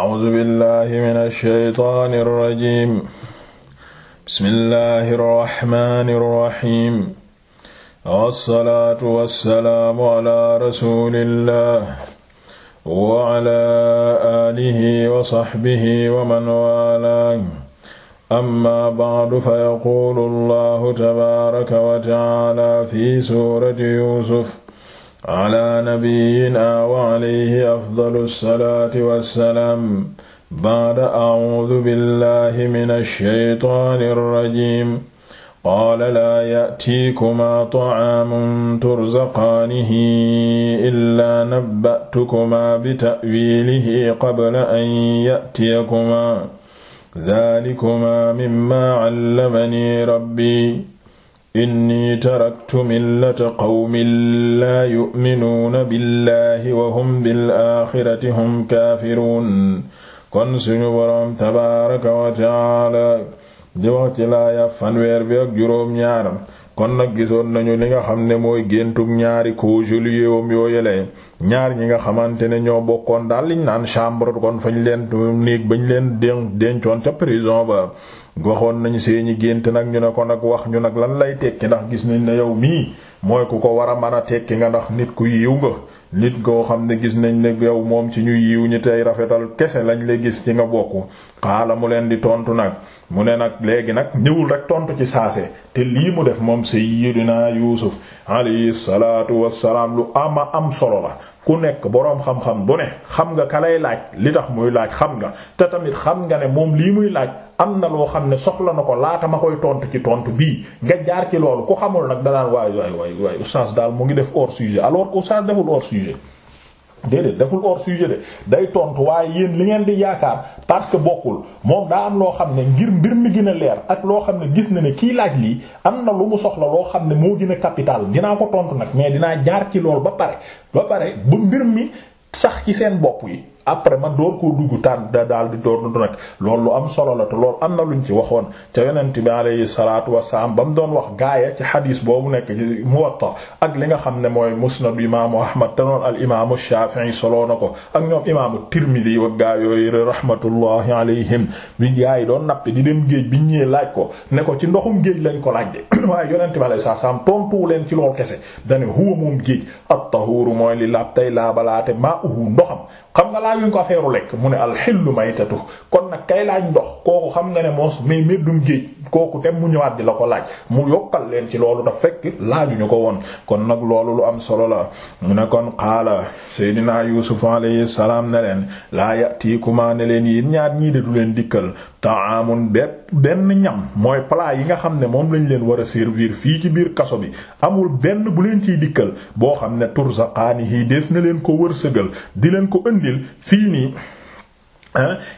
a'uuzu billahi mina shaytaani rajiim bismillahi rahmaani rahiim wassalaatu wassalaamu ala rasulillah wa ala alihi wa sahbihi wa man waalaahu amma ba'du fa yaquulu allahu tabaaraka wa ta'aala fi suurati yuusuf ala nabiyyina wa alayhi afdalu salaati wassalaam ba'da a'uudu billahi minash shaytaanir rajiim qaala laa ya'tiikumaa ta'aamun turzaqaanihi illaa nabba'tukumaa bita'wiilihi qabla an ya'tiyakumaa dhaalikumaa mimmaa 'allamanii rabbii inni taraktu millata qawmin laa yu'minuuna billahi wa hum bil aaxirati hum kaafiruun kon suñu boroom tabaaraka wa kon nag gisoon nañu li nga xam ne mooy géntu ñaari co-geôlier wam yooyele ñaar ñi nga xamante ne ñoo bokkoon daal liñ naan chambre kon fa ñu leen néeg bañ leen dencoon ca prison ba waxoon nañu seeni gént nag ñu ne kon nag wax ñu nag lan lay tekki ndax gis nañ ne yow mii mooy ku ko war a mën a tekki nga ndax nit ku yiw nga nit koo xam ne gis nañ ne yow moom ci ñu yiw ñi tey rafetal kese lañ la gis ci nga bokk xaala mu leen di tontu nag mu ne nag léegi nag ñëwul rek tontu ci saase te lii mu def moom sayyidina Yuusuf alayhi salaatu wassalaam lu am a am solo la ku nekk boroom xam-xam bu ne xam nga ka lay laaj li tax muy laaj xam nga te tamit xam nga ne moom lii muy laaj am na loo xam ne soxla na ko laata ma koy tontu ci tontu bii nga jaar ci loolu ku xamul nag danaan waay waay waay waay daal mu ngi def hors sujet alors que oustaz deful hors sujet déedéet deful hors sujet day tontu waaye yéen li ngeen di yaakaar parce que bokkul moom daa am loo xam ne ngir mbir mi gën a leer ak loo xam ne gis na ne kii laaj lii am na lu mu soxla loo xam ne moo gën a capital dinaa ko tontu nag mais dinaa jaar ci lool ba pare ba pare ba mbir mi sax ci seen bopp yi. après ma door ko dugg taan da daal di door du nag loolu lu am solo la te loolu am na lu ñu ci waxoon ca yonent bi alayhi salaatu wasalaam ba mu doon wax gaaya ci xadiis boobu nekk ci Muwatta ak li nga xam ne mooy musnad imaamu Ahmad te noon al imaamu Shaafi'i soloo na ko ak ñoom imaamu Tirmidi wa gaa yooyu rahmatullahi alayhim bi gaa yi doon nappi di dem géej bi ñëwee laaj ko ne ko ci ndoxum géej lañ ko laaj de waaye yonent bi alayhi salaatu wasalaam leen ci loolu kese dane huwa moom géej at-tahuuru mooy li laab balaate laabalaate maa'uhu ndoxam laaju ñu ko affaire lekk mu ne lu alxillu maytatu kon nag kay laaj ndox kooku xam nga ne moos mais méddum géej kooku dem mu ñëwaat di la ko laaj mu yokkal leen ci loolu daf fekk laajuñu ko woon kon nag loolu lu am solo la mu ne kon qaala seydinaa yuusuf alayhi salaam ne leen laa yatiikumaa ne leen yéen ñaar ñii de du leen dikkal taamun bépp benn ñam mooy plat yi nga xam ne moom lañ leen war a servir fii ci biir kaso bi amul benn bu leen ciy dikkal boo xam ne turzaqaanihi des na leen ko wërsëgal di leen ko ëndil fii nii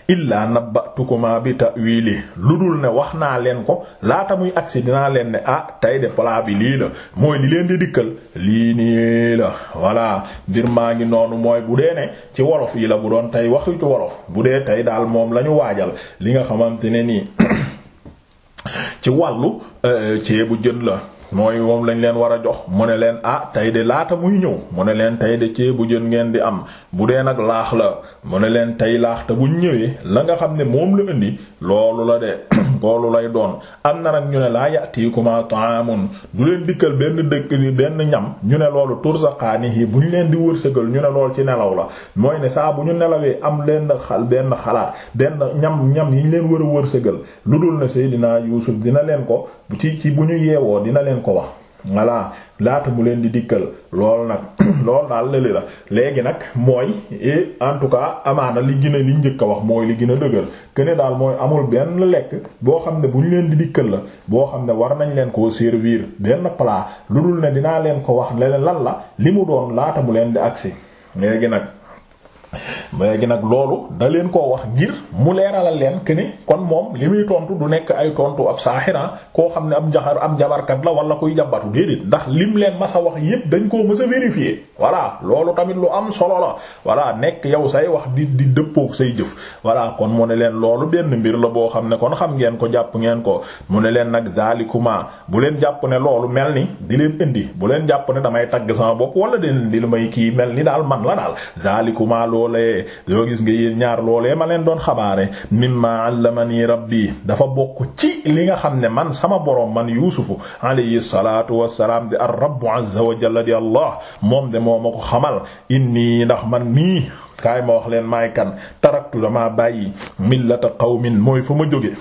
illaa nabbatukuma bi ta li lu dul ne wax naa leen ko laata muy agsi dinaa leen ne ah tey de palaa bi lii la mooy li leen di dikkal lii nii la voilà mbir maa ngi noonu mooy bu dee ne ci wolof yi la bu doon tey waxu ci wolof bu dee tey daal moom lañu waajal li nga xamante ne nii ci wàllu euh, ceebu jën la mooy moom lañ leen war a jox mu ne leen ah tey de laata muy ñëw mu ne leen tey de ceebu jën ngeen di am bu dee nag laax la mu ne leen tey laax te buñ ñëwee la nga xam ne moom la indi loolu la dee boolu lay doon am na nag ñu ne laa ya'tiikuma ta'aamun du leen dikkal benn dëkk ni benn ñam ñu ne loolu turzaqaanihi bu ñu leen di wërsëgal ñu ne lool ci nelaw la mooy ne saa bu ñu nelawee am leen xal benn xalaat benn ñam ñam yi ñu leen war a wërsëgal lu dul na Seydina Yuusuf dina leen ko ci ci bu ñu yeewoo dina leen ko wax voilà laata mu leen di dikkal lool nag lool daal lëli la léegi nag mooy et en tout cas amaana li gën a li njëkk a wax mooy li gin a dëgër kene daal mooy amul benn lekk boo xam ne bu ñu leen di dikkal la boo xam ne war nañ leen koo servir benn plat lu dul ne dinaa leen ko wax ne lan la li mu doon laata mu leen di agsi léegi nag léegi nag loolu da leen koo wax ngir mu leeralal leen que kon moom li muy tontu du nekk ay tontu ab saaxiran koo xam ne ab njaxar am jabarkat la wala kuy jabatu déedéet ndax lim leen ma sa wax yépp dañ koo mas a vérifier voilà loolu tamit lu am solo la voilà nekk yow say wax di di dëppook say jëf voilà kon mu ne leen loolu benn mbir la boo xam ne kon xam ngeen ko jàpp ngeen ko mu ne leen nag dalikuma bu leen jàpp ne loolu mel ni di leen indi bu leen jàpp ne damay tagg sama bopp wala di leen di may kii mel ni daal man la daal dalikuma loolee doo gis nga yéen ñaar loolee ma leen doon xabaare mimma allamani rabbi dafa bokk ci li nga xam ne man sama boroom man yuusufu alayhi salatu wasalaam di ar rabbu azza wa jalla di allah moom de moo ma ko xamal inni ndax man mii kaay ma wax leen maay kan taraktu dama bàyyi millata qawmin mooy fa ma jóge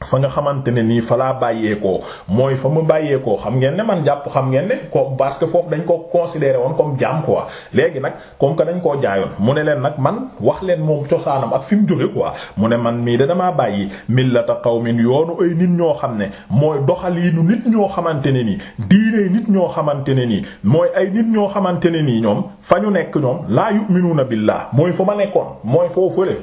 fa nga xamante ne nii fa laa bàyyeekoo mooy fa mu bàyyeekoo xam ngeen ne man jàpp xam ngeen ne ko parce que foofu dañ ko considéré woon comme jaam quoi léegi nag comme que dañ koo jaayoon mu ne leen nag man wax leen moom cosaanam ak fi mu jóge quoi mu ne man mii da dama bàyyi millata qawmin yoonu ay nit ñoo xam ne mooy doxaliinu nit ñoo xamante ne nii diine nit ñoo xamante ne nii mooy ay nit ñoo xamante ne nii ñoom fa ñu nekk ñoom laa yu'minuna billah mooy fa ma nekkoon mooy foo fële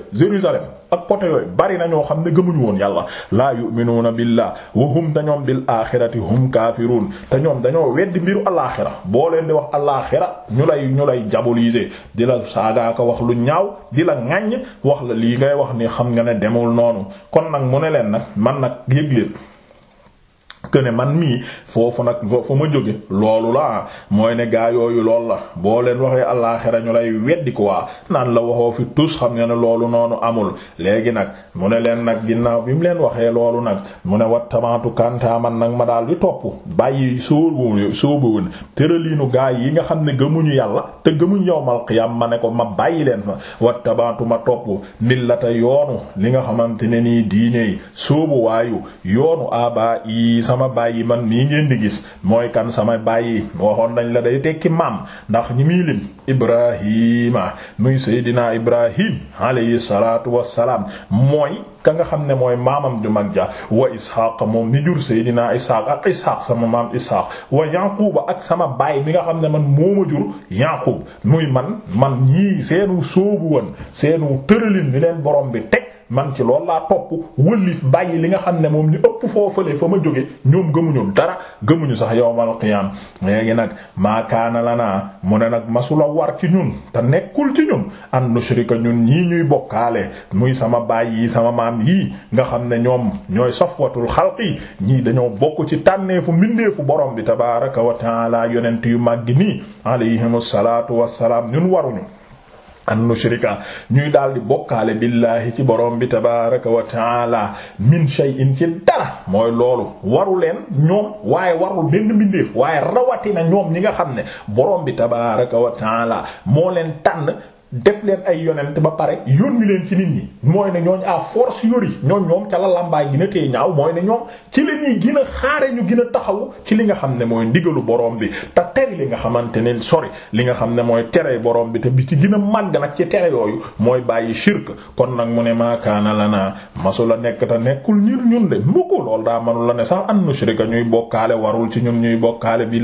ak côté yooyu bari na ñoo xam ne gëmuñu woon yàlla laa yu'minuuna billah wa hum te ñoom bil aaxirati hum kaafiruun te ñoom dañoo weddi mbiru alaaxira boo leen di wax alaaxira ñu lay ñu lay diaboliser di la saagaaka wax lu ñaaw di la ŋaññ wax la lii ngay wax ni xam nga ne demul noonu kon nag mu ne leen nag man nag yëg leen que ne man mii foofu nag foofu ma jóge loolu la mooy ne gaa yooyu lool la boo leen waxee àllaaxira ñu lay weddi ko waa naan la waxoo fi tus xam nga ne loolu noonu amul léegi nag mu ne leen nag ginnaaw bi mu leen waxee loolu nag mu ne wat tamaatu kantaa man nag ma daal di topp bàyyi sóobu sóobuwoon tëraliinu gaa yi nga xam ne gëmuñu yàlla te gëmuñ yowmal qiyam ma ne ko ma bàyyi leen fa wat tamaatu ma topp millata yoonu li nga xamante ne nii diine yi sama yi man mii ngeen di gis mooy kan sama baay yi waxoon nañ la day tekki maam ndax ñi muy lim Ibrahima muy Seydina Ibrahim alayhi salaatu wassalaam mooy ka nga xam ne mooy maamam ju mag ja wa Ishaq moom ni jur Seydina Ishaq ak Ishaq sama maam Ishaq wa Yaquba ak sama baay bi nga xam ne man mooma jur Yaqub muy man man ñii seenu sóobu woon seenu tëralin ni leen borom bi teg man ci loolu laa topp wëllif bàyyi li nga xam ne moom ñu ëpp foofale fa ma jóge ñoom gëmuñu dara gëmuñu sax yawmal qiyaam léegi nag maakaana mu ne nag masula war ci ñun te nekkul ci ñun an nushrika ñun ñii jaam yii nga xam ne ñoom ñooy safwatul xalqi ñii dañoo bokk ci tànneefu mbindeefu borom bi tabaaraka wa taala yonent yu màgg nii alayhimu salaatu wassalaam ñun waruñu an ñuy daal di bokkaale billahi ci boroom bi tabaraka wa taala min shay'in ci dara mooy loolu waru leen ñoom waaye warul benn mbindeef waaye rawatina ñoom ñi nga xam ne borom bi tabaraka wa taala moo leen tànn def leen ay yonent ba pare yónni leen ci nit ñi mooy ne ñooñ à force yori ñooñ ñoom ca la làmbaay gina tee ñaaw mooy ne ñoom ci la ñuy xaare ñu gën a taxaw ci li nga xam ne mooy ndigalu borom bi te tere li nga xamante ne sori li nga xam ne mooy tere borom bi te bi ci gën a màgg nag ci tere yooyu mooy bàyyi shirk kon nag mu ne maakaana la naa masu la nekk te nekkul ñun ñun de mukku lool daa manu la ne sax an nushrika ñuy bokkaale warul ci ñun ñuy bokkaale bi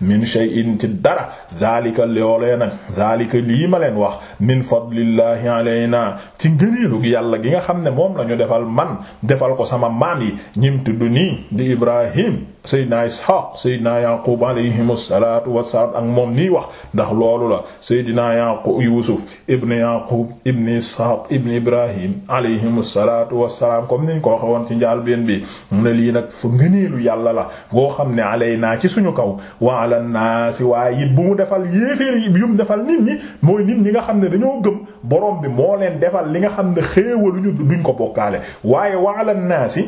min shay'in ci dara zalika loolee nag zalika li lii ma leen wax min fadlillahi alayna ci ngëneelu gi yàlla gi nga xam ne moom lañu defal man defal ko sama maam yi ñim tudd nii di Ibrahim Seydina Ishaq Seydina Yaqub alayhimu salaatu wassalaam ak moom nii wax ndax loolu la Seydina Yaqub Yuusuf ibn Yaqub ibn Ishaq ibn Ibrahim alayhimu salaatu wassalaam comme niñ ko waxoon ci njàlbéen bi mu ne lii nag fu ngëneelu yàlla la boo xam ne naa ci suñu kaw wa ala naasi waaye it bu mu defal yéeféer yu mu defal nit ñi mooy nit ñi nga xam ne dañoo gëm borom bi moo leen defal li nga xam ne xéewaluñu duñ ko bokkaale waaye wa ala naasi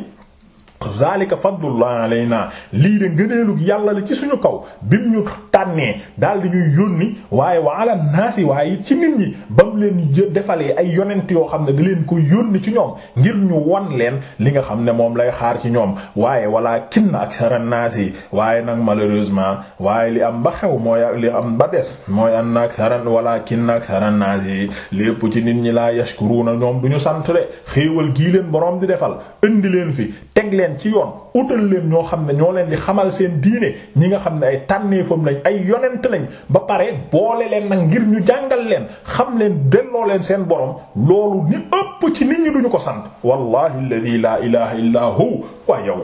zalika fadlullah alayna lii de ngëneelu yàlla la ci suñu kaw bim ñu tànnee daal di ñuy yónni waaye wa ala waaye ci nit ñi ba mu leen defalee ay yonent yoo xam ne da leen koy yónni ci ñoom ngir ñu wan leen li nga xam ne moom lay xaar ci ñoom waaye walaa ak aksara naasi waaye nag malheureusement waaye li am ba xew mooy li am ba des mooy an aksara walaakin aksara naasi lépp ci nit ñi laa yashkuruna ñoom bu ñu sant de xéewal gii leen di defal indi leen teg leen ci yoon utal leen ñoo xam ne ñoo leen di xamal seen diine ñi nga xam ne ay tànneefam lañ ay yonent lañ ba pare boole leen nag ngir ñu jàngal leen xam leen delloo leen seen boroom loolu ni ëpp ci nit ñi duñu ko sant wallahi alladhi la ilaha illa hu waa yow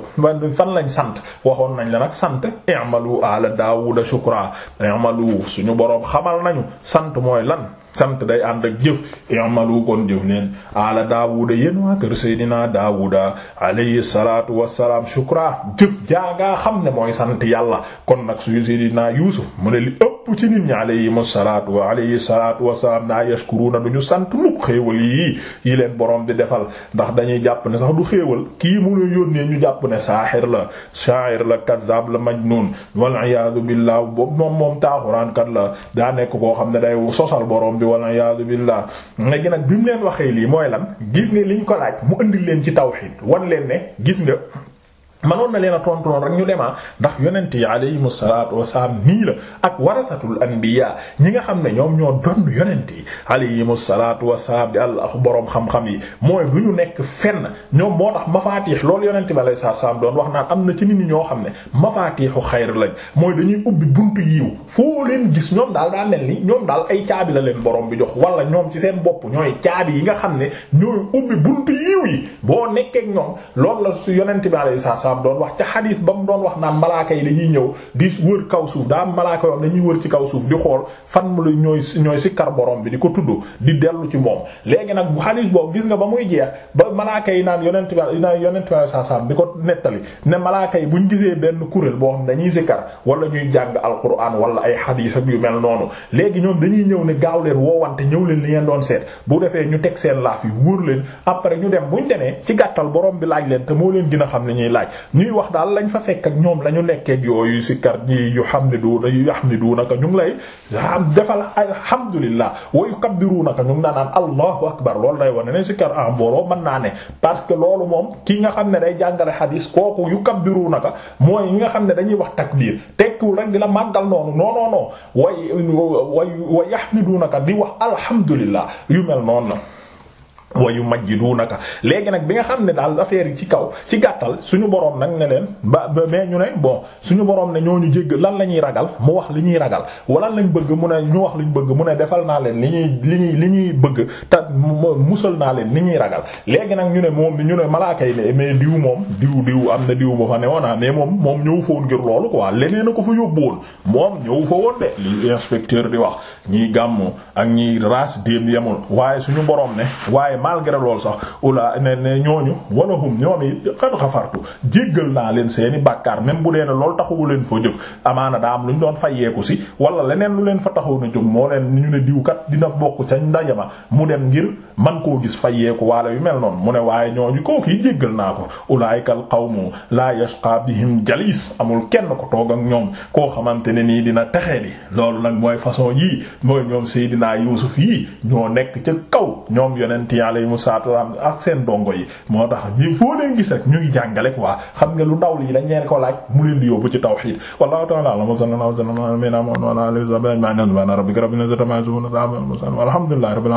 fan lañ sant waxoon nañ leen nag sant i'malu ala daawuda shukra i'malu suñu boroom xamal nañu sant mooy lan sant day ànd ak jëf i'malu kon jëf leen ala daawuda yéen waa kër seydinaa daawuda alayhi salaatu wassalaam shukra jëf jaa nga xam ne mooy sant yàlla kon nag su seydinaa yuusuf mu ne li ëpp ëpp ci nit ñi alayhim salaatu wa alayhi salaatu wa salaam naa na du ñu sant mukk xéewal yii yi leen borom di defal ndax dañuy jàpp ne sax du xéewal kii mu la yónnee ñu jàpp ne saaxir la shaa'ir la kaddaab la majnuun wal iyaadu billaah boobu moom moom taaxuraankat la daa nekk koo xam ne day sosal borom bi wal iyaadu billaah léegi nag bi mu leen waxee lii mooy lan gis li liñ ko laaj mu indi leen ci tawxiid wan leen ne gis nga manoon na leen a tontu noonu rek ñu demaa ndax yonent yi alayhimu salaatu wasalaam nii la ak warasatul anbiya ñi nga xam ne ñoom ñoo doon yonent yi alayhimu salaatu wasalaam di àll ak boroom xam yi mooy bu ñu nekk fenn ñoom moo tax mafaatix loolu yonent bi alayhi salaatu wasalaam doon wax naan am na ci nit ñoo xam ne mafaatixu xayr lañ mooy dañuy ubbi buntu yiiw foo leen gis ñoom daal daa ñoom daal ay caabi la leen borom bi jox wala ñoom ci seen bopp ñooy caabi yi nga xam ne ñooy ubbi buntu boo nekkee ñoom loolu salaam doon wax ca xadiis ba mu doon wax naan malaaka yi dañuy ñëw di wër kaw suuf daa am malaaka yoo dañuy wër ci kaw suuf di xool fan mu la ñooy ñooy sikkar borom bi di ko tudd di dellu ci moom léegi nag bu xadiis gis nga ba muy jeex ba malaaka yi naan yonent bi naan yonent bi ko nettali ne malaaka yi buñ gisee benn kuréel boo xam dañuy sikkar wala ñuy jàng alquran wala ay xadiis ak yu mel noonu léegi ñoom dañuy ñëw ne gaaw leen woowante ñëw leen li ngeen doon seet bu defee ñu teg seen laaf yi wóor leen après ñu dem buñ demee ci gàttal borom bi laaj leen te moo leen dina xam ne ñuy laaj ñuy wax daal lañ fa fekk ak ñoom la ñu nekkeek yooyu sikkar ji yu hamiduna yu yahmidunaka ñu ngi lay defal alhamdulillah wa yukabbirunaka ñu ngi naan allahu akbar loolu day wane ne sikkar en mbooloo mën naa ne parce que loolu moom ki nga xam ne day jàngale xadiis kooku yukabbirunaka mooy yi nga xam ne dañuy wax takbiir tekkiwul rek di la màggal noonu non non non way way wa yahmidunaka di wax alhamdulillah yu mel noonu na wayu majjidunaka léegi nag bi nga xam ne daal affaire yi ci kaw ci gàttal suñu borom nag ne leen ba mais ñu ne bon suñu borom ne ñoo ñu jégg lan la ñuy ragal mu wax li ñuy ragal wala lañ bëgg mu ne ñu wax li ñu bëgg mu ne defal naa leen li ñuy li ñuy li ñuy bëgg kat musal naa leen ni ñuy ragal léegi nag ñu ne moom ñu ne malaaka yi ne mais diw moom diw diw am na diw moo fa ne woon ah, mais moom moom ñëw fa woon ngir loolu quoi leneen a ko fa yóbbu moom ñëw fa woon de li wax ñiy gàmmu ak ñiy raas déem yemul waaye suñu borom ne waaye malgré loolu sax ula ne ne ñooñu walahum ñoom it xat xafartu jéggal naa leen seeni bàkkaar même bu dee ne loolu taxawu leen fa jóg amaana daa am lu ñu doon fayeeku si wala leneen lu leen fa taxaw na jóg moo leen ñu ne diw kat dina bokk ca ndajama mu dem ngir ngir man koo gis fayeeku waala yu mel noonu mu ne waaye ñooñu kooku jéggal naa ko ulaykal qawmu la yashqa bihim jalis amul kenn ko toog ak koo xamante ne nii di loolu nag mooy façon yii mooy ñoom Seydina Yuusuf yii ñoo nekk ca kaw ñoom yonent yi alayhimu salaatu wa salaam yi moo tax ñi foo leen gis rek ñu ngi jàngale quoi xam nga lu ndaw lii dañ leen ko laaj mu leen di yóbbu ci tawhiid wallahu ta'ala a'lam wa